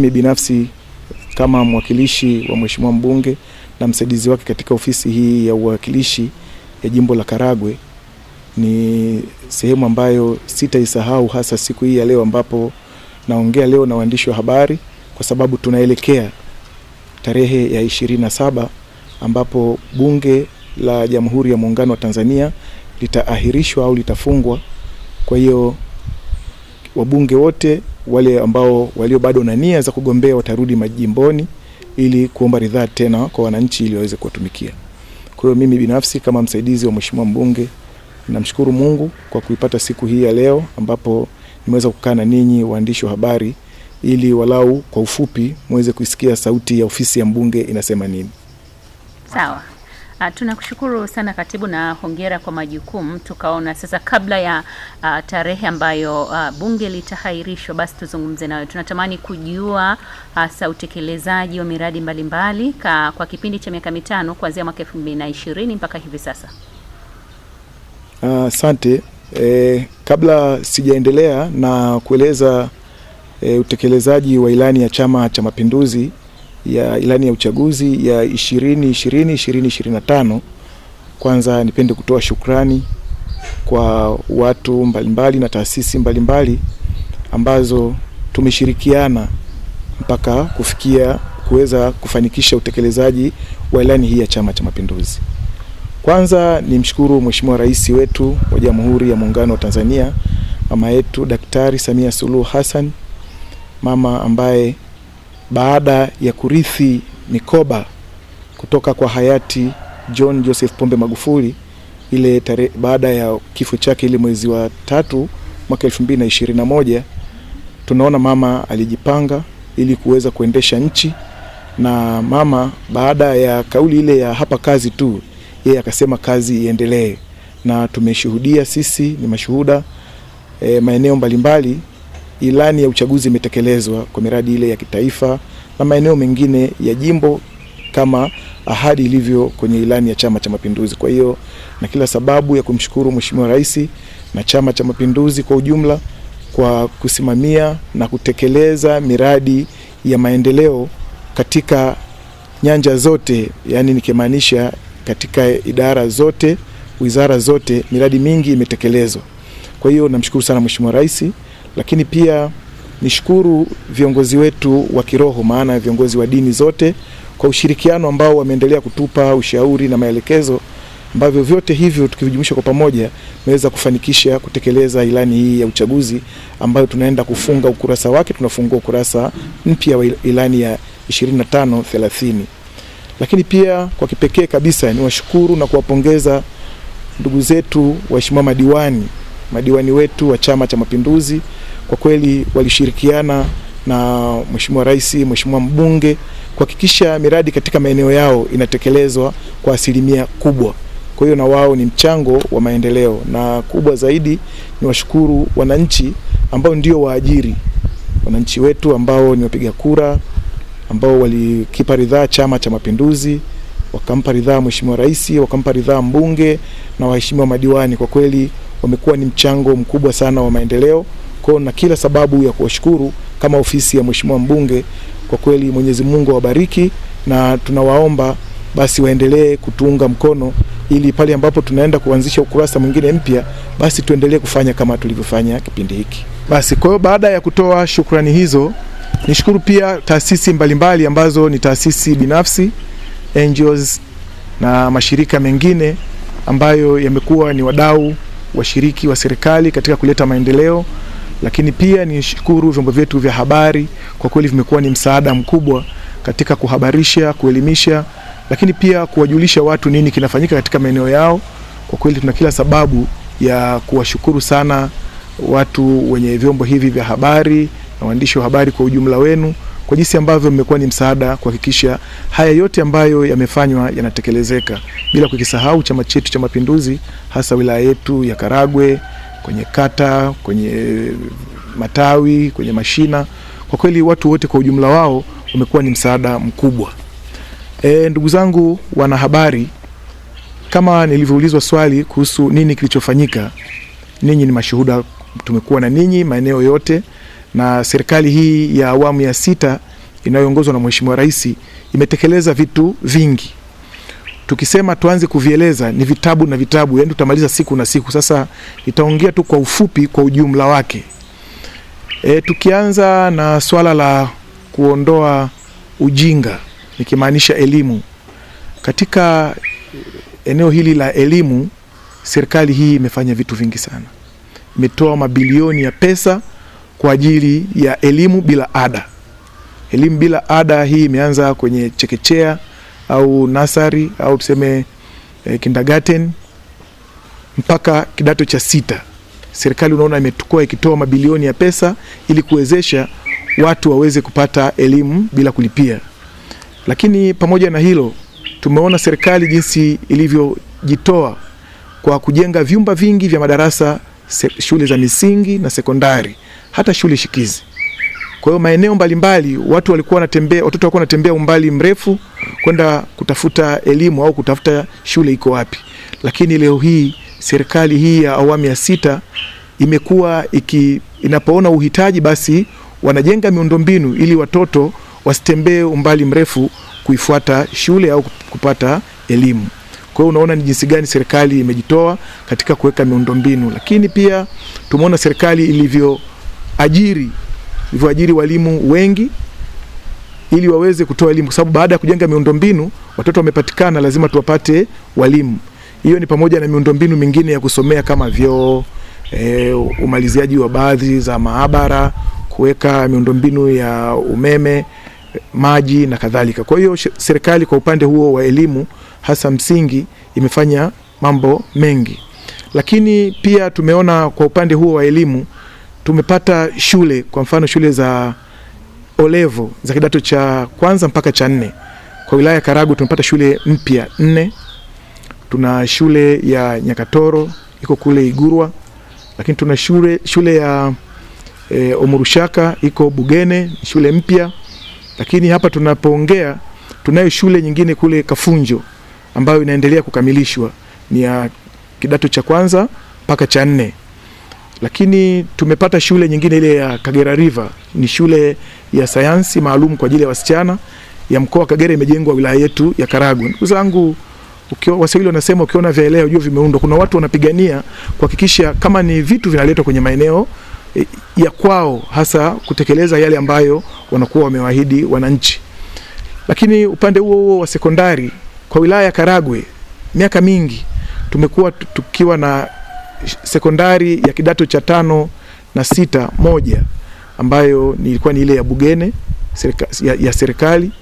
Mimi binafsi kama mwakilishi wa mheshimiwa mbunge na msaidizi wake katika ofisi hii ya uwakilishi ya jimbo la Karagwe ni sehemu ambayo sitaisahau, hasa siku hii ya leo ambapo naongea leo na waandishi wa habari, kwa sababu tunaelekea tarehe ya ishirini na saba ambapo bunge la Jamhuri ya Muungano wa Tanzania litaahirishwa au litafungwa. Kwa hiyo wabunge wote wale ambao walio bado na nia za kugombea watarudi majimboni ili kuomba ridhaa tena kwa wananchi ili waweze kuwatumikia. Kwa hiyo mimi binafsi kama msaidizi wa mheshimiwa mbunge namshukuru Mungu kwa kuipata siku hii ya leo ambapo nimeweza kukaa na ninyi waandishi wa habari ili walau kwa ufupi muweze kuisikia sauti ya ofisi ya mbunge inasema nini. Sawa. Uh, tunakushukuru sana katibu na hongera kwa majukumu. Tukaona sasa kabla ya uh, tarehe ambayo uh, bunge litahairishwa, basi tuzungumze nawe. Tunatamani kujua hasa utekelezaji wa miradi mbalimbali mbali, kwa kipindi cha miaka mitano kuanzia mwaka 2020 mpaka hivi sasa. Asante. eh, kabla sijaendelea na kueleza eh, utekelezaji wa ilani ya Chama cha Mapinduzi ya ilani ya uchaguzi ya 2020 2025, kwanza nipende kutoa shukrani kwa watu mbalimbali mbali na taasisi mbalimbali ambazo tumeshirikiana mpaka kufikia kuweza kufanikisha utekelezaji wa ilani hii ya Chama cha Mapinduzi. Kwanza ni mshukuru Mheshimiwa Rais wetu wa Jamhuri ya Muungano wa Tanzania, mama yetu Daktari Samia Suluhu Hassan, mama ambaye baada ya kurithi mikoba kutoka kwa hayati John Joseph Pombe Magufuli ile tare, baada ya kifo chake ile mwezi wa tatu mwaka moja tunaona mama alijipanga ili kuweza kuendesha nchi, na mama baada ya kauli ile ya hapa kazi tu, yeye akasema kazi iendelee, na tumeshuhudia sisi ni mashuhuda e, maeneo mbalimbali ilani ya uchaguzi imetekelezwa kwa miradi ile ya kitaifa na maeneo mengine ya jimbo kama ahadi ilivyo kwenye ilani ya Chama cha Mapinduzi. Kwa hiyo na kila sababu ya kumshukuru Mheshimiwa Rais na Chama cha Mapinduzi kwa ujumla kwa kusimamia na kutekeleza miradi ya maendeleo katika nyanja zote, yaani nikimaanisha katika idara zote, wizara zote, miradi mingi imetekelezwa. Kwa hiyo namshukuru sana Mheshimiwa Rais lakini pia nishukuru viongozi wetu wa kiroho, maana viongozi wa dini zote kwa ushirikiano ambao wameendelea kutupa ushauri na maelekezo, ambavyo vyote hivyo tukivijumuisha kwa pamoja tumeweza kufanikisha kutekeleza ilani hii ya uchaguzi ambayo tunaenda kufunga ukurasa wake, tunafungua ukurasa mpya wa ilani ya 25 30. Lakini pia kwa kipekee kabisa niwashukuru na kuwapongeza ndugu zetu waheshimiwa madiwani madiwani wetu wa Chama cha Mapinduzi kwa kweli walishirikiana na Mheshimiwa Rais, Mheshimiwa mbunge kuhakikisha miradi katika maeneo yao inatekelezwa kwa asilimia kubwa. Kwa hiyo na wao ni mchango wa maendeleo, na kubwa zaidi ni washukuru wananchi ambao ndio waajiri, wananchi wetu ambao ni wapiga kura, ambao walikipa ridhaa Chama cha Mapinduzi, wakampa ridhaa Mheshimiwa Rais, wakampa ridhaa mbunge na waheshimiwa madiwani. Kwa kweli wamekuwa ni mchango mkubwa sana wa maendeleo kwao, na kila sababu ya kuwashukuru kama ofisi ya Mheshimiwa Mbunge. Kwa kweli Mwenyezi Mungu awabariki, na tunawaomba basi waendelee kutuunga mkono ili pale ambapo tunaenda kuanzisha ukurasa mwingine mpya basi tuendelee kufanya kama tulivyofanya kipindi hiki. Basi kwa hiyo baada ya kutoa shukrani hizo, nishukuru pia taasisi mbalimbali ambazo ni taasisi binafsi, NGOs na mashirika mengine ambayo yamekuwa ni wadau washiriki wa serikali katika kuleta maendeleo, lakini pia nishukuru vyombo vyetu vya habari, kwa kweli vimekuwa ni msaada mkubwa katika kuhabarisha, kuelimisha, lakini pia kuwajulisha watu nini kinafanyika katika maeneo yao. Kwa kweli tuna kila sababu ya kuwashukuru sana watu wenye vyombo hivi vya habari na waandishi wa habari kwa ujumla wenu kwa jinsi ambavyo mmekuwa ni msaada kuhakikisha haya yote ambayo yamefanywa yanatekelezeka, bila kukisahau chama chetu cha Mapinduzi, hasa wilaya yetu ya Karagwe, kwenye kata, kwenye matawi, kwenye mashina. Kwa kweli watu wote kwa ujumla wao wamekuwa ni msaada mkubwa. E, ndugu zangu wanahabari, kama nilivyoulizwa swali kuhusu nini kilichofanyika, ninyi ni mashuhuda, tumekuwa na ninyi maeneo yote na serikali hii ya awamu ya sita inayoongozwa na Mheshimiwa Rais imetekeleza vitu vingi. Tukisema tuanze kuvieleza ni vitabu na vitabu, yaani tutamaliza siku na siku. Sasa nitaongea tu kwa ufupi kwa ujumla wake. E, tukianza na swala la kuondoa ujinga nikimaanisha elimu katika eneo hili la elimu, serikali hii imefanya vitu vingi sana, imetoa mabilioni ya pesa kwa ajili ya elimu bila ada. Elimu bila ada hii imeanza kwenye chekechea au nasari au tuseme eh, kindergarten mpaka kidato cha sita. Serikali unaona imetukua ikitoa mabilioni ya pesa ili kuwezesha watu waweze kupata elimu bila kulipia. Lakini pamoja na hilo, tumeona serikali jinsi ilivyojitoa kwa kujenga vyumba vingi vya madarasa shule za misingi na sekondari hata shule shikizi. Kwa hiyo maeneo mbalimbali watu walikuwa wanatembea, watoto walikuwa wanatembea umbali mrefu kwenda kutafuta elimu au kutafuta shule iko wapi, lakini leo hii serikali hii ya awamu ya sita imekuwa iki, inapoona uhitaji basi wanajenga miundombinu ili watoto wasitembee umbali mrefu kuifuata shule au kupata elimu. Kwa hiyo unaona ni jinsi gani serikali imejitoa katika kuweka miundombinu, lakini pia tumeona serikali ilivyo ajiri ilivyoajiri walimu wengi ili waweze kutoa elimu, kwa sababu baada ya kujenga miundombinu watoto wamepatikana, lazima tuwapate walimu. Hiyo ni pamoja na miundombinu mingine ya kusomea kama vyoo e, umaliziaji wa baadhi za maabara, kuweka miundombinu ya umeme, maji na kadhalika. Kwa hiyo serikali kwa upande huo wa elimu hasa msingi imefanya mambo mengi, lakini pia tumeona kwa upande huo wa elimu tumepata shule, kwa mfano shule za olevo za kidato cha kwanza mpaka cha nne. Kwa wilaya ya Karagwe tumepata shule mpya nne. Tuna shule ya Nyakatoro iko kule Igurwa, lakini tuna shule, shule ya e, Omurushaka iko Bugene, shule mpya. Lakini hapa tunapoongea tunayo shule nyingine kule Kafunjo ambayo inaendelea kukamilishwa, ni ya kidato cha kwanza mpaka cha nne. Lakini tumepata shule nyingine ile ya Kagera River, ni shule ya sayansi maalum kwa ajili ya wasichana ya mkoa wa Kagera, imejengwa wilaya yetu ya Karagwe. Ndugu zangu, Waswahili wanasema ukiona vyaelea ujue vimeundwa. Kuna watu wanapigania kuhakikisha kama ni vitu vinaletwa kwenye maeneo e, ya kwao, hasa kutekeleza yale ambayo wanakuwa wamewaahidi wananchi. Lakini upande huo huo wa sekondari kwa wilaya ya Karagwe, miaka mingi tumekuwa tukiwa na sekondari ya kidato cha tano na sita moja ambayo nilikuwa ni ile ya Bugene serika, ya, ya serikali,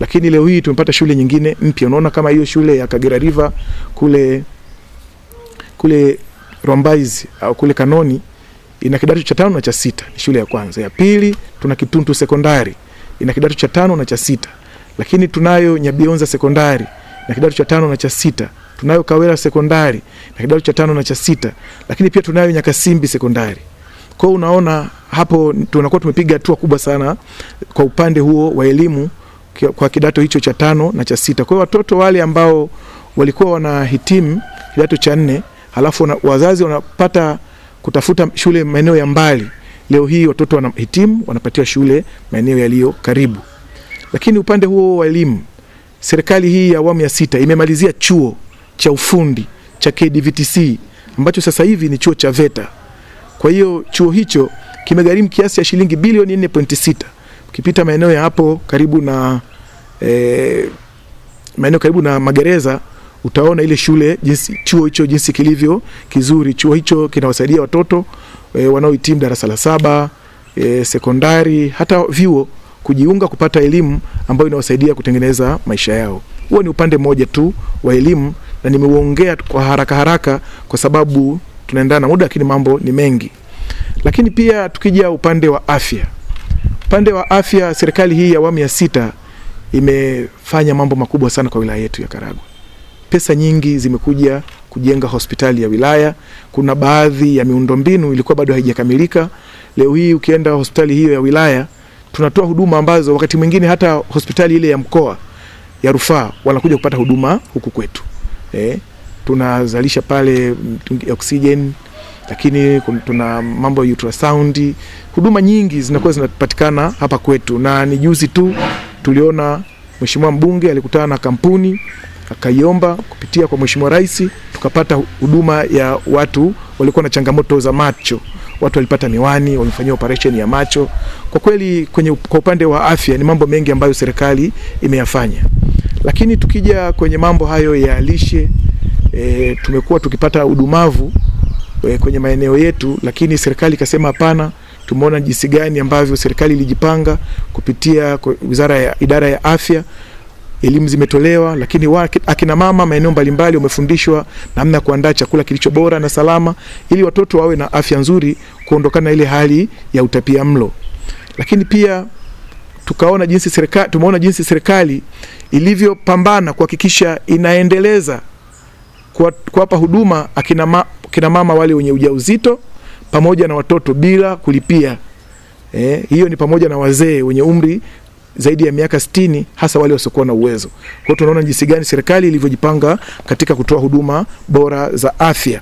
lakini leo hii tumepata shule nyingine mpya. Unaona kama hiyo shule ya Kagera River kule kule Rwambaizi au kule Kanoni ina kidato cha tano na cha sita, ni shule ya kwanza. Ya pili tuna Kituntu sekondari ina kidato cha tano na cha sita, lakini tunayo Nyabionza sekondari na kidato cha tano na cha sita tunayo Kawela sekondari na kidato cha tano na cha sita, lakini pia tunayo Nyakasimbi sekondari. Kwa hiyo unaona hapo tunakuwa tumepiga hatua kubwa sana kwa upande huo wa elimu kwa kidato hicho cha tano na cha sita. Kwa hiyo watoto wale ambao walikuwa wanahitimu kidato cha nne halafu wana, wazazi wanapata kutafuta shule maeneo ya mbali, leo hii watoto wanahitimu wanapatiwa shule maeneo yaliyo karibu. Lakini upande huo wa elimu, serikali hii ya awamu ya sita imemalizia chuo cha ufundi cha KDVTC ambacho sasa hivi ni chuo cha VETA. Kwa hiyo chuo hicho kimegharimu kiasi cha shilingi bilioni 4.6. Ukipita maeneo ya hapo karibu na eh, maeneo karibu na magereza utaona ile shule jinsi, chuo hicho jinsi kilivyo kizuri. Chuo hicho kinawasaidia watoto e, wanaohitimu darasa la saba e, sekondari hata vyuo kujiunga kupata elimu ambayo inawasaidia kutengeneza maisha yao. Huo ni upande mmoja tu wa elimu na nimeuongea kwa haraka haraka kwa sababu tunaendana na muda, lakini mambo ni mengi. Lakini pia tukija upande wa afya, upande wa afya, serikali hii ya awamu ya sita imefanya mambo makubwa sana kwa wilaya yetu ya Karagwe. Pesa nyingi zimekuja kujenga hospitali ya wilaya. Kuna baadhi ya miundombinu ilikuwa bado haijakamilika. Leo hii ukienda hospitali hiyo ya wilaya, tunatoa huduma ambazo wakati mwingine hata hospitali ile ya mkoa ya rufaa wanakuja kupata huduma huku kwetu eh, tunazalisha pale oxygen, lakini tuna mambo ya ultrasound. Huduma nyingi zinakuwa zinapatikana hapa kwetu, na ni juzi tu tuliona mheshimiwa mbunge alikutana na kampuni akaiomba kupitia kwa mheshimiwa rais, tukapata huduma ya watu walikuwa na changamoto za macho. Watu walipata miwani, walifanyia operation ya macho. Kwa kweli kwenye, kwa upande wa afya ni mambo mengi ambayo serikali imeyafanya. Lakini tukija kwenye mambo hayo ya lishe e, tumekuwa tukipata udumavu e, kwenye maeneo yetu, lakini serikali ikasema hapana. Tumeona jinsi gani ambavyo serikali ilijipanga kupitia wizara ya idara ya afya, elimu zimetolewa, lakini wa, akina mama maeneo mbalimbali wamefundishwa namna ya kuandaa chakula kilicho bora na salama ili watoto wawe na afya nzuri, kuondokana ile hali ya utapia mlo. Lakini pia tukaona jinsi serikali tumeona jinsi serikali ilivyopambana kuhakikisha inaendeleza kuwapa huduma akina ma, kina mama wale wenye ujauzito pamoja na watoto bila kulipia. Eh, hiyo ni pamoja na wazee wenye umri zaidi ya miaka sitini hasa wale wasiokuwa na uwezo. Kwa hiyo tunaona jinsi gani serikali ilivyojipanga katika kutoa huduma bora za afya.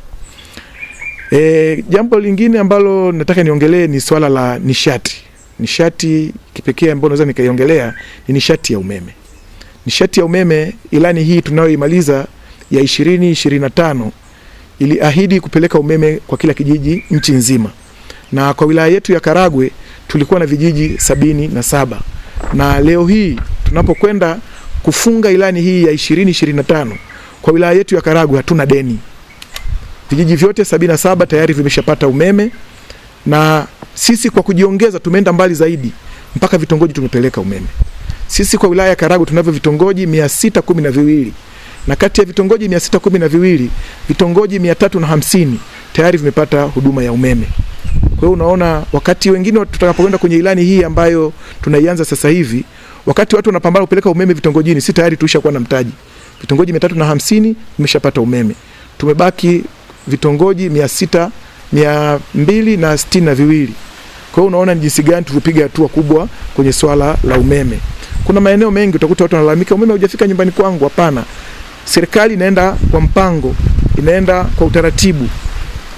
E, jambo lingine ambalo nataka niongelee ni swala la nishati. Nishati kipekee ambayo naweza nikaiongelea ni nishati ya umeme. Nishati ya umeme ilani hii tunayoimaliza ya 2025 iliahidi kupeleka umeme kwa kila kijiji nchi nzima, na kwa wilaya yetu ya Karagwe tulikuwa na vijiji sabini na saba na leo hii tunapokwenda kufunga ilani hii ya 2025 kwa wilaya yetu ya Karagwe hatuna deni. Vijiji vyote sabini na saba tayari vimeshapata umeme, na sisi kwa kujiongeza tumeenda mbali zaidi, mpaka vitongoji tumepeleka umeme. Sisi kwa wilaya ya Karagwe tunavyo vitongoji mia sita kumi na viwili na kati ya vitongoji mia sita kumi na viwili vitongoji mia tatu na hamsini tayari vimepata huduma ya umeme. Kwa hiyo unaona, wakati wengine tutakapokwenda kwenye ilani hii ambayo tunaianza sasa hivi, wakati watu wanapambana kupeleka umeme vitongojini, si tayari tulishakuwa na mtaji. Vitongoji mia tatu na hamsini vimeshapata umeme, tumebaki vitongoji mia sita mia mbili na sitini na viwili. Kwa hiyo unaona ni jinsi gani tulivyopiga hatua kubwa kwenye swala la umeme. Kuna maeneo mengi utakuta watu wanalalamika umeme hujafika nyumbani kwangu. Hapana, serikali inaenda kwa mpango, inaenda kwa utaratibu,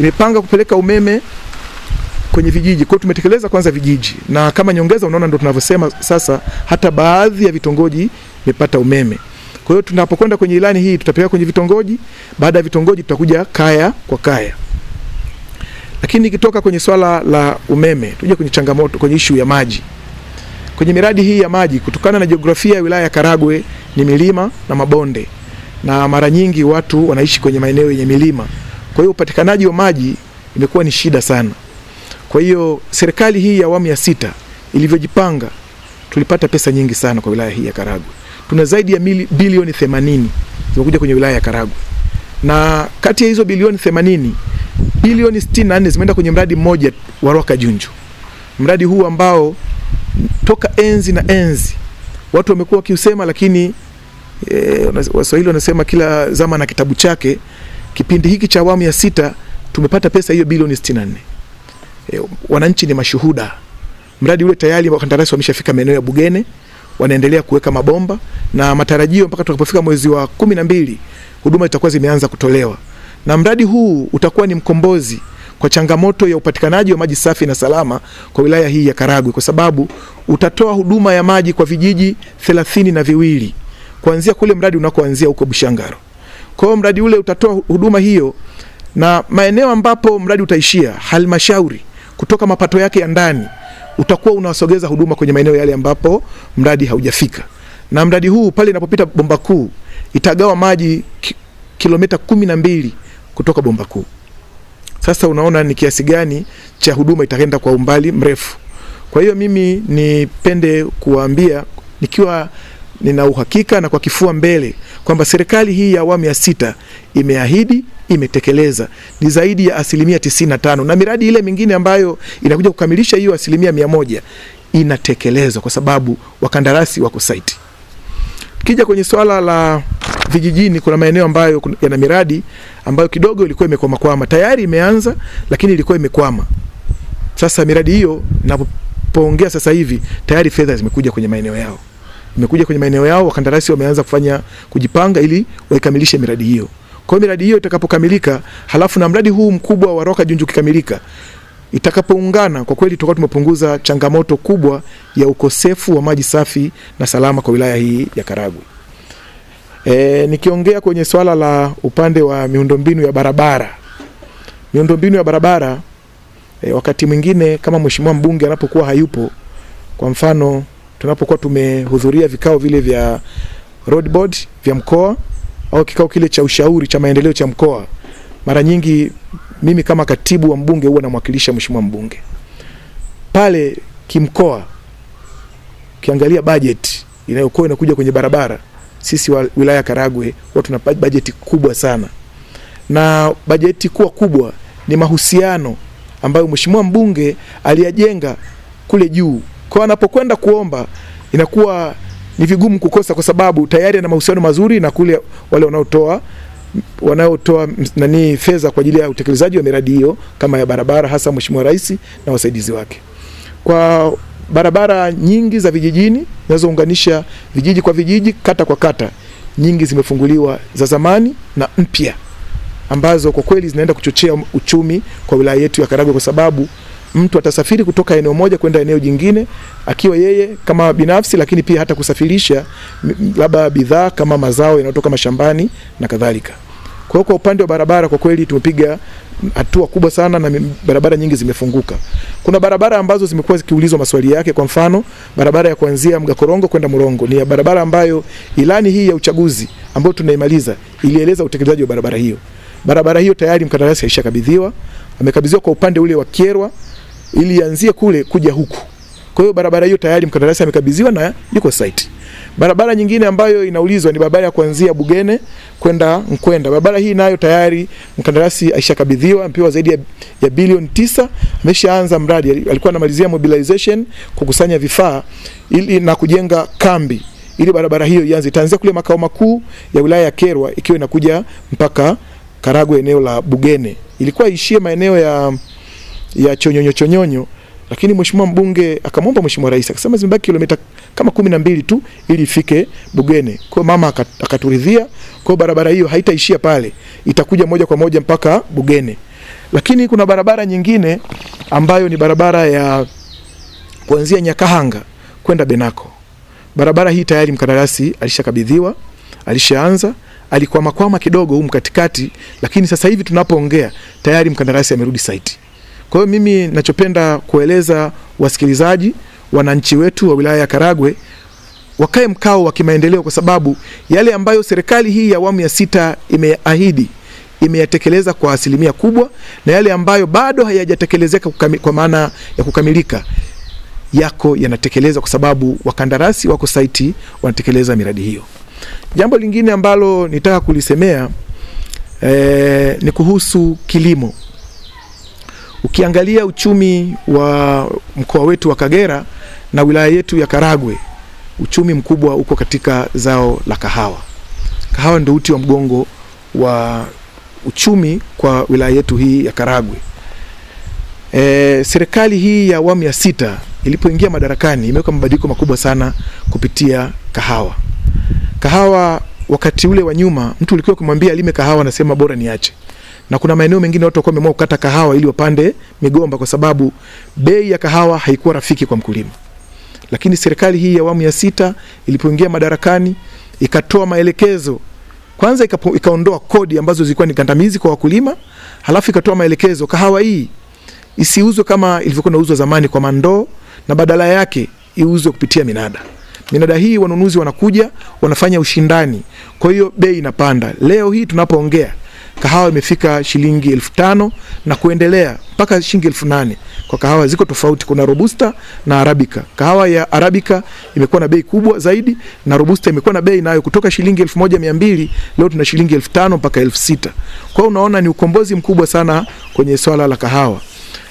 imepanga kupeleka umeme kwenye vijiji. Kwa hiyo tumetekeleza kwanza vijiji, na kama nyongeza, unaona ndo tunavyosema sasa, hata baadhi ya vitongoji imepata umeme. Kwa hiyo tunapokwenda kwenye ilani hii tutapeleka kwenye vitongoji, baada ya vitongoji tutakuja kaya kwa kaya. Lakini ikitoka kwenye swala la umeme, tuje kwenye changamoto, kwenye ishu ya maji kwenye miradi hii ya maji, kutokana na jiografia ya wilaya ya Karagwe ni milima na mabonde, na mara nyingi watu wanaishi kwenye maeneo yenye milima, kwa hiyo upatikanaji wa maji imekuwa ni shida sana. Kwa hiyo serikali hii ya awamu ya sita ilivyojipanga, tulipata pesa nyingi sana kwa wilaya hii ya Karagwe. Tuna zaidi ya mili, bilioni 80 zimekuja kwenye wilaya ya Karagwe, na kati ya hizo bilioni 80 bilioni 64 zimeenda kwenye mradi mmoja wa Rwaka Junju, mradi huu ambao toka enzi na enzi watu wamekuwa wakiusema, lakini e, Waswahili wanasema kila zama na kitabu chake. Kipindi hiki cha awamu ya sita tumepata pesa hiyo bilioni nne. E, wananchi ni mashuhuda. Mradi ule tayari wakandarasi wameshafika maeneo ya Bugene, wanaendelea kuweka mabomba na matarajio mpaka tutakapofika mwezi wa kumi na mbili huduma zitakuwa zimeanza kutolewa, na mradi huu utakuwa ni mkombozi kwa changamoto ya upatikanaji wa maji safi na salama kwa wilaya hii ya Karagwe, kwa sababu utatoa huduma ya maji kwa vijiji thelathini na viwili kuanzia kule mradi unakoanzia huko Bushangaro. Kwa hiyo mradi ule utatoa huduma hiyo, na maeneo ambapo mradi utaishia, halmashauri kutoka mapato yake ya ndani utakuwa unawasogeza huduma kwenye maeneo yale ambapo mradi haujafika. Na mradi huu pale inapopita bomba kuu itagawa maji kilomita kumi na mbili kutoka bomba kuu. Sasa unaona ni kiasi gani cha huduma itaenda kwa umbali mrefu. Kwa hiyo mimi nipende kuwaambia nikiwa nina uhakika na kwa kifua mbele kwamba serikali hii ya awamu ya sita imeahidi, imetekeleza ni zaidi ya asilimia tisini na tano na miradi ile mingine ambayo inakuja kukamilisha hiyo asilimia mia moja inatekelezwa kwa sababu wakandarasi wako saiti. Kija kwenye swala la vijijini kuna maeneo ambayo yana miradi ambayo kidogo ilikuwa imekwama kwama, tayari imeanza lakini ilikuwa imekwama. Sasa miradi hiyo napoongea sasa hivi tayari fedha zimekuja kwenye maeneo yao, imekuja kwenye maeneo yao, wakandarasi wameanza kufanya kujipanga ili waikamilishe miradi hiyo. Kwa hiyo miradi hiyo itakapokamilika, halafu na mradi huu mkubwa wa Roka Junju kikamilika itakapoungana kwa kweli, tutakuwa tumepunguza changamoto kubwa ya ukosefu wa maji safi na salama kwa wilaya hii ya Karagwe. E, nikiongea kwenye swala la upande wa miundombinu ya barabara, miundombinu ya barabara e, wakati mwingine kama mheshimiwa mbunge anapokuwa hayupo, kwa mfano tunapokuwa tumehudhuria vikao vile vya road board vya mkoa au kikao kile cha ushauri cha maendeleo cha mkoa, mara nyingi mimi kama katibu wa mbunge huwa namwakilisha mheshimiwa mbunge pale kimkoa. Ukiangalia bajeti inayokuwa inakuja kwenye barabara sisi wa wilaya ya Karagwe huwa tuna bajeti kubwa sana, na bajeti kuwa kubwa ni mahusiano ambayo mheshimiwa mbunge aliyajenga kule juu, kwa anapokwenda kuomba inakuwa ni vigumu kukosa, kwa sababu tayari ana mahusiano mazuri na kule wale wanaotoa wanaotoa nani fedha kwa ajili ya utekelezaji wa miradi hiyo kama ya barabara, hasa mheshimiwa rais na wasaidizi wake kwa barabara nyingi za vijijini zinazounganisha vijiji kwa vijiji, kata kwa kata, nyingi zimefunguliwa za zamani na mpya, ambazo kwa kweli zinaenda kuchochea uchumi kwa wilaya yetu ya Karagwe, kwa sababu mtu atasafiri kutoka eneo moja kwenda eneo jingine akiwa yeye kama binafsi, lakini pia hata kusafirisha labda bidhaa kama mazao yanayotoka mashambani na kadhalika. Kwa hiyo kwa upande wa barabara kwa kweli tumepiga hatua kubwa sana na barabara nyingi zimefunguka. Kuna barabara ambazo zimekuwa zikiulizwa maswali yake, kwa mfano barabara ya kuanzia Mgakorongo kwenda Murongo ni barabara ambayo ilani hii ya uchaguzi ambayo tunaimaliza ilieleza utekelezaji wa barabara hiyo. Barabara hiyo tayari mkandarasi alishakabidhiwa, amekabidhiwa kwa upande ule wa Kyerwa ili ianzie kule kuja huku. Kwa hiyo barabara hiyo tayari mkandarasi amekabidhiwa na yuko site. Barabara nyingine ambayo inaulizwa ni barabara ya kuanzia Bugene kwenda Nkwenda. Barabara hii nayo tayari mkandarasi aishakabidhiwa, amepewa zaidi ya, ya bilioni tisa. Ameshaanza mradi, alikuwa anamalizia mobilization kukusanya vifaa ili na kujenga kambi ili barabara hiyo ianze. Itaanzia kule makao makuu ya wilaya ya Kerwa ikiwa inakuja mpaka Karagwe eneo la Bugene. Ilikuwa ishie maeneo ya ya Chonyonyo Chonyonyo lakini mheshimiwa mbunge akamwomba mheshimiwa rais akasema zimebaki kilomita kama kumi na mbili tu ili ifike Bugene. Kwa hiyo mama akaturidhia, kwa barabara hiyo haitaishia pale, itakuja moja kwa moja mpaka Bugene. Lakini kuna barabara nyingine ambayo ni barabara ya kuanzia Nyakahanga kwenda Benako. Barabara hii tayari mkandarasi alishakabidhiwa, alishaanza alikwama kwama kidogo huko katikati, lakini sasa hivi tunapoongea tayari mkandarasi amerudi saiti. Kwa hiyo mimi nachopenda kueleza wasikilizaji, wananchi wetu wa wilaya ya Karagwe wakae mkao wa kimaendeleo, kwa sababu yale ambayo serikali hii ya awamu ya sita imeahidi imeyatekeleza kwa asilimia kubwa, na yale ambayo bado hayajatekelezeka kwa maana ya kukamilika yako yanatekeleza, kwa sababu wakandarasi wako saiti wanatekeleza miradi hiyo. Jambo lingine ambalo nitaka kulisemea eh, ni kuhusu kilimo. Ukiangalia uchumi wa mkoa wetu wa Kagera na wilaya yetu ya Karagwe, uchumi mkubwa uko katika zao la kahawa. Kahawa ndio uti wa mgongo wa uchumi kwa wilaya yetu hii ya Karagwe. E, serikali hii ya awamu ya sita ilipoingia madarakani imeweka mabadiliko makubwa sana kupitia kahawa. Kahawa wakati ule wa nyuma mtu ulikuwa kumwambia alime kahawa anasema bora niache na kuna maeneo mengine watu wakuwa wameamua kukata kahawa ili wapande migomba kwa sababu bei ya kahawa haikuwa rafiki kwa mkulima. Lakini serikali hii ya awamu ya sita ilipoingia madarakani ikatoa maelekezo kwanza, ikapo, ikaondoa kodi ambazo zilikuwa ni kandamizi kwa wakulima, halafu ikatoa maelekezo kahawa hii isiuzwe kama ilivyokuwa inauzwa zamani kwa mandoo, na badala yake iuzwe kupitia minada. Minada hii wanunuzi wanakuja wanafanya ushindani, kwa hiyo bei inapanda. Leo hii tunapoongea kahawa imefika shilingi elfu tano na kuendelea mpaka shilingi elfu nane kwa kahawa. Ziko tofauti, kuna robusta na arabika. Kahawa ya arabika imekuwa na bei kubwa zaidi, na robusta imekuwa na bei nayo kutoka shilingi elfu moja mia mbili leo tuna shilingi elfu tano mpaka elfu sita Kwa hiyo unaona ni ukombozi mkubwa sana kwenye swala la kahawa,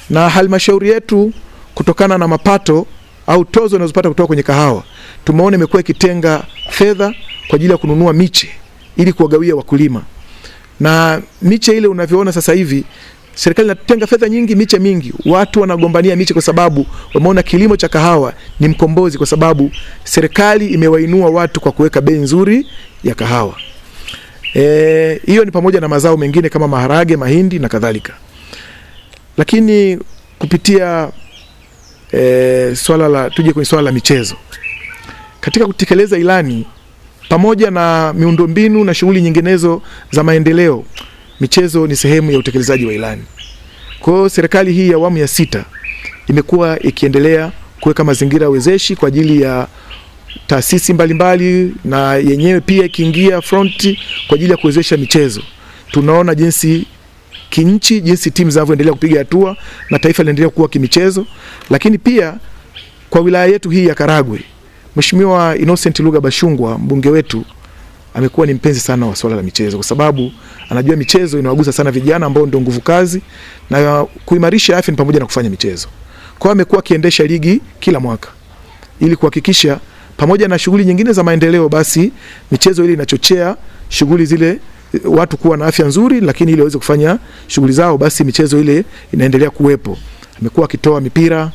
na halmashauri yetu kutokana na mapato au tozo inazopata kutoka kwenye kahawa, tumeona imekuwa ikitenga fedha kwa ajili ya kununua miche ili kuwagawia wakulima na miche ile unavyoona sasa hivi serikali inatenga fedha nyingi, miche mingi, watu wanagombania miche kwa sababu wameona kilimo cha kahawa ni mkombozi, kwa sababu serikali imewainua watu kwa kuweka bei nzuri ya kahawa. E, hiyo e, ni pamoja na mazao mengine kama maharage, mahindi na kadhalika. Lakini kupitia e, swala la tuje kwenye swala la michezo katika kutekeleza ilani pamoja na miundombinu na shughuli nyinginezo za maendeleo, michezo ni sehemu ya utekelezaji wa ilani. Kwa hiyo serikali hii ya awamu ya sita imekuwa ikiendelea kuweka mazingira wezeshi kwa ajili ya taasisi mbalimbali na yenyewe pia ikiingia fronti kwa ajili ya kuwezesha michezo. Tunaona jinsi kinchi, jinsi timu zinavyoendelea kupiga hatua na taifa linaendelea kuwa kimichezo, lakini pia kwa wilaya yetu hii ya Karagwe Mheshimiwa Innocent Luga Bashungwa mbunge wetu amekuwa ni mpenzi sana wa swala la michezo, kwa sababu anajua michezo inawagusa sana vijana ambao ndio nguvu kazi, na kuimarisha afya ni pamoja na kufanya michezo. Kwa hiyo amekuwa akiendesha ligi kila mwaka ili kuhakikisha pamoja na shughuli nyingine za maendeleo, basi michezo ile inachochea shughuli zile eh, watu kuwa na afya nzuri, lakini ili waweze kufanya shughuli zao, basi michezo ile inaendelea kuwepo. Amekuwa akitoa mipira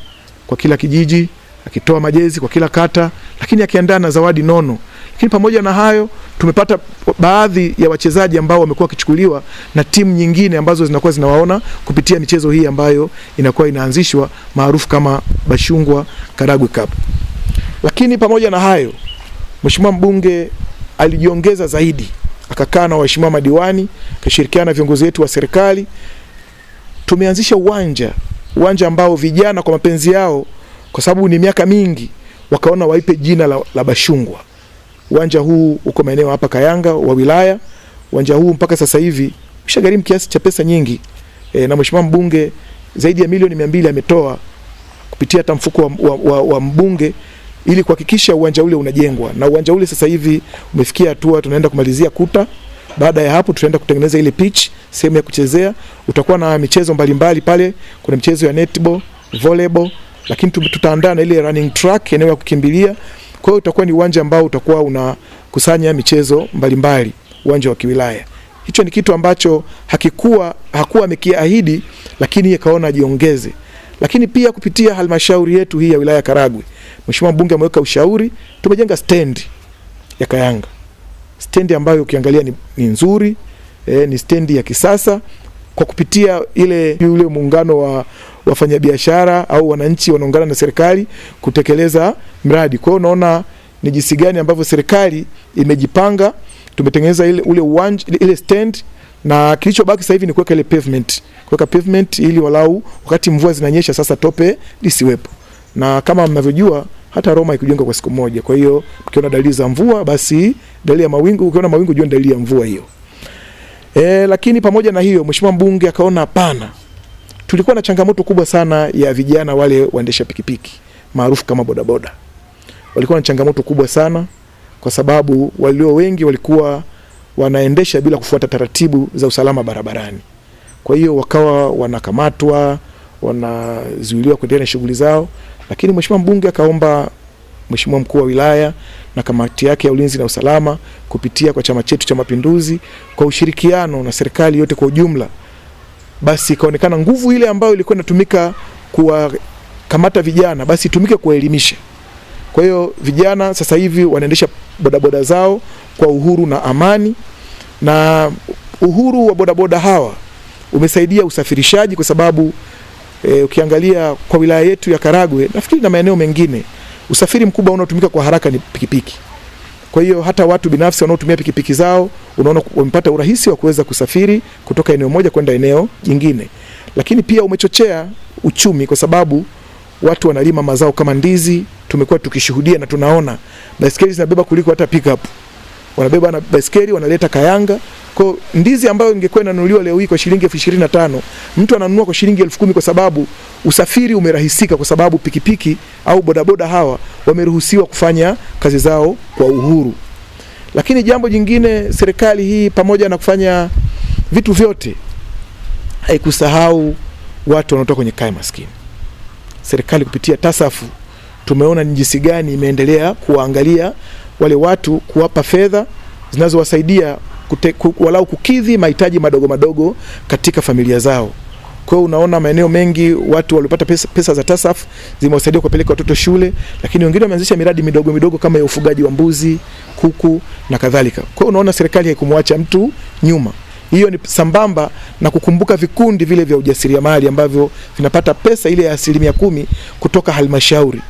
kwa kila kijiji akitoa majezi kwa kila kata, lakini akiandaa na zawadi nono. Lakini pamoja na hayo, tumepata baadhi ya wachezaji ambao wamekuwa wakichukuliwa na timu nyingine ambazo zinakuwa zinawaona kupitia michezo hii ambayo inakuwa inaanzishwa maarufu kama Bashungwa Karagwe Cup. Lakini pamoja na hayo, Mheshimiwa mbunge alijiongeza zaidi, akakaa na waheshimiwa madiwani, akashirikiana na viongozi wetu wa serikali. Tumeanzisha uwanja uwanja ambao vijana kwa mapenzi yao kwa sababu ni miaka mingi, wakaona waipe jina la, la Bashungwa. Uwanja huu uko maeneo hapa Kayanga wa wilaya. Uwanja huu mpaka sasa hivi ushagharimu kiasi cha pesa nyingi e, na mheshimiwa mbunge zaidi ya milioni mia mbili ametoa kupitia hata mfuko wa, wa, wa, wa mbunge ili kuhakikisha uwanja ule unajengwa, na uwanja ule sasa hivi umefikia hatua tunaenda kumalizia kuta. Baada ya hapo, tutaenda kutengeneza ile pitch, sehemu ya kuchezea. Utakuwa na michezo mbalimbali mbali pale, kuna michezo ya netball, volleyball lakini tutaandaa na ile running track, eneo ya kukimbilia. Kwa hiyo utakuwa ni uwanja ambao utakuwa unakusanya michezo mbalimbali, uwanja wa kiwilaya. Hicho ni kitu ambacho hakikuwa hakuwa amekiahidi, lakini akaona ajiongeze. Lakini pia kupitia halmashauri yetu hii ya wilaya Karagwe, mheshimiwa mbunge ameweka ushauri, tumejenga stendi ya Kayanga, stendi ambayo ukiangalia ni, ni nzuri eh, ni stendi ya kisasa kwa kupitia ile ule muungano wa wafanyabiashara au wananchi wanaungana na serikali kutekeleza mradi. Kwa hiyo unaona ni jinsi gani ambavyo serikali imejipanga. Tumetengeneza ile ule uwanja ile stand, na kilichobaki sasa hivi ni kuweka ile pavement, kuweka pavement ili walau wakati mvua zinanyesha sasa tope lisiwepo, na kama mnavyojua hata Roma ikujengwa kwa siku moja. Kwa hiyo ukiona dalili za mvua, basi dalili ya mawingu, ukiona mawingu jua dalili ya mvua hiyo. E, lakini pamoja na hiyo mheshimiwa mbunge akaona hapana, tulikuwa na changamoto kubwa sana ya vijana wale waendesha pikipiki maarufu kama bodaboda, walikuwa na changamoto kubwa sana kwa sababu walio wengi walikuwa wanaendesha bila kufuata taratibu za usalama barabarani. Kwa hiyo wakawa wanakamatwa, wanazuiliwa kuendelea na shughuli zao, lakini mheshimiwa mbunge akaomba Mheshimiwa mkuu wa wilaya na kamati yake ya ulinzi na usalama kupitia kwa chama chetu cha Mapinduzi kwa ushirikiano na serikali yote kwa ujumla, basi ikaonekana nguvu ile ambayo ilikuwa inatumika kuwakamata vijana basi itumike kuwaelimisha. Kwa hiyo vijana sasa hivi wanaendesha bodaboda zao kwa uhuru na amani, na uhuru wa bodaboda hawa umesaidia usafirishaji kwa sababu e, ukiangalia kwa wilaya yetu ya Karagwe nafikiri na maeneo mengine Usafiri mkubwa unaotumika kwa haraka ni pikipiki. Kwa hiyo hata watu binafsi wanaotumia pikipiki zao unaona wamepata urahisi wa kuweza kusafiri kutoka eneo moja kwenda eneo jingine, lakini pia umechochea uchumi kwa sababu watu wanalima mazao kama ndizi. Tumekuwa tukishuhudia na tunaona baiskeli zinabeba kuliko hata pickup wanabeba na baiskeli wanaleta Kayanga. Kwa ndizi ambayo ingekuwa inanunuliwa leo hii kwa shilingi elfu ishirini na tano mtu ananunua kwa shilingi elfu kumi kwa sababu usafiri umerahisika, kwa sababu pikipiki au bodaboda hawa wameruhusiwa kufanya kazi zao kwa uhuru. Lakini jambo jingine, serikali hii pamoja na kufanya vitu vyote haikusahau watu wanaotoka kwenye kaya maskini. Serikali kupitia Tasafu tumeona ni jinsi gani imeendelea kuwaangalia wale watu kuwapa fedha zinazowasaidia walau kukidhi mahitaji madogo madogo katika familia zao. Kwa hiyo unaona maeneo mengi watu walipata pesa, pesa za TASAF zimewasaidia kupeleka watoto shule, lakini wengine wameanzisha miradi midogo midogo kama ya ufugaji wa mbuzi, kuku na kadhalika. Kwa hiyo unaona serikali haikumwacha mtu nyuma. Hiyo ni sambamba na kukumbuka vikundi vile vya ujasiriamali ambavyo vinapata pesa ile ya asilimia kumi kutoka halmashauri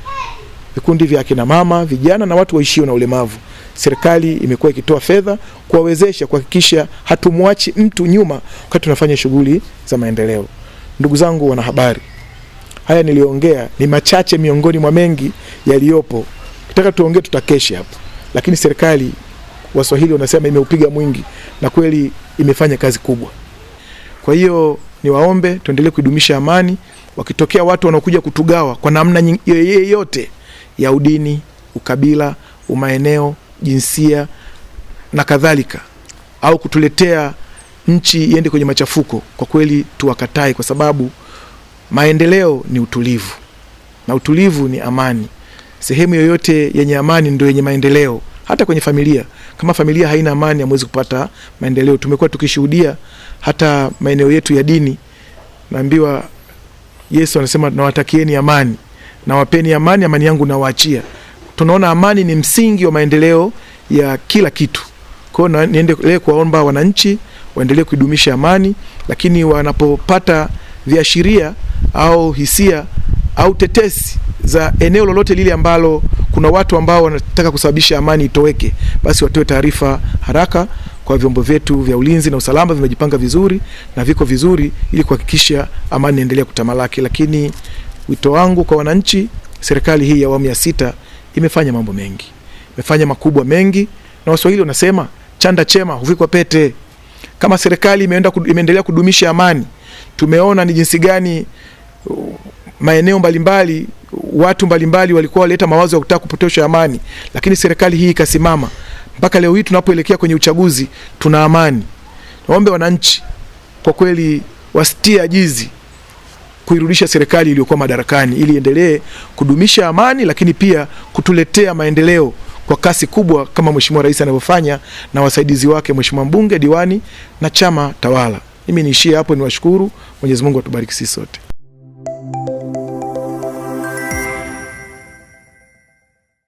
vikundi vya akina mama, vijana na watu waishio na ulemavu. Serikali imekuwa ikitoa fedha kuwawezesha, kuhakikisha hatumwachi mtu nyuma wakati tunafanya shughuli za maendeleo. Ndugu zangu wanahabari, haya niliongea ni machache miongoni mwa mengi yaliyopo. Kitaka tuongee tutakesha hapa, lakini serikali, Waswahili wanasema imeupiga mwingi, na kweli imefanya kazi kubwa. Kwa hiyo niwaombe tuendelee kuidumisha amani. Wakitokea watu wanaokuja kutugawa kwa namna yoyote ya udini, ukabila, umaeneo, jinsia na kadhalika, au kutuletea nchi iende kwenye machafuko, kwa kweli tuwakatai, kwa sababu maendeleo ni utulivu na utulivu ni amani. Sehemu yoyote yenye amani ndio yenye maendeleo. Hata kwenye familia, kama familia haina amani, hamwezi kupata maendeleo. Tumekuwa tukishuhudia hata maeneo yetu ya dini, naambiwa Yesu anasema nawatakieni amani, nawapeni amani, amani yangu nawaachia. Tunaona amani ni msingi wa maendeleo ya kila kitu. Kwa hiyo niendelee kuwaomba wananchi waendelee kuidumisha amani, lakini wanapopata viashiria au hisia au tetesi za eneo lolote lile ambalo kuna watu ambao wanataka kusababisha amani itoweke, basi watoe taarifa haraka kwa vyombo vyetu vya ulinzi na usalama, vimejipanga vizuri na viko vizuri ili kuhakikisha amani inaendelea kutamalaki. Lakini Wito wangu kwa wananchi, serikali hii ya awamu ya sita imefanya mambo mengi, imefanya makubwa mengi, na Waswahili wanasema chanda chema huvikwa pete. Kama serikali imeendelea kudumisha amani, tumeona ni jinsi gani uh, maeneo mbalimbali watu mbalimbali walikuwa waleta mawazo ya kutaka kupotosha amani, lakini serikali hii ikasimama. Mpaka leo hii tunapoelekea kwenye uchaguzi, tuna amani. Naombe wananchi kwa kweli wasitie ajizi kuirudisha serikali iliyokuwa madarakani ili endelee kudumisha amani, lakini pia kutuletea maendeleo kwa kasi kubwa kama Mheshimiwa Rais anavyofanya na wasaidizi wake, Mheshimiwa mbunge, diwani na chama tawala. Mimi niishie hapo, niwashukuru. Mwenyezi Mungu atubariki sisi sote.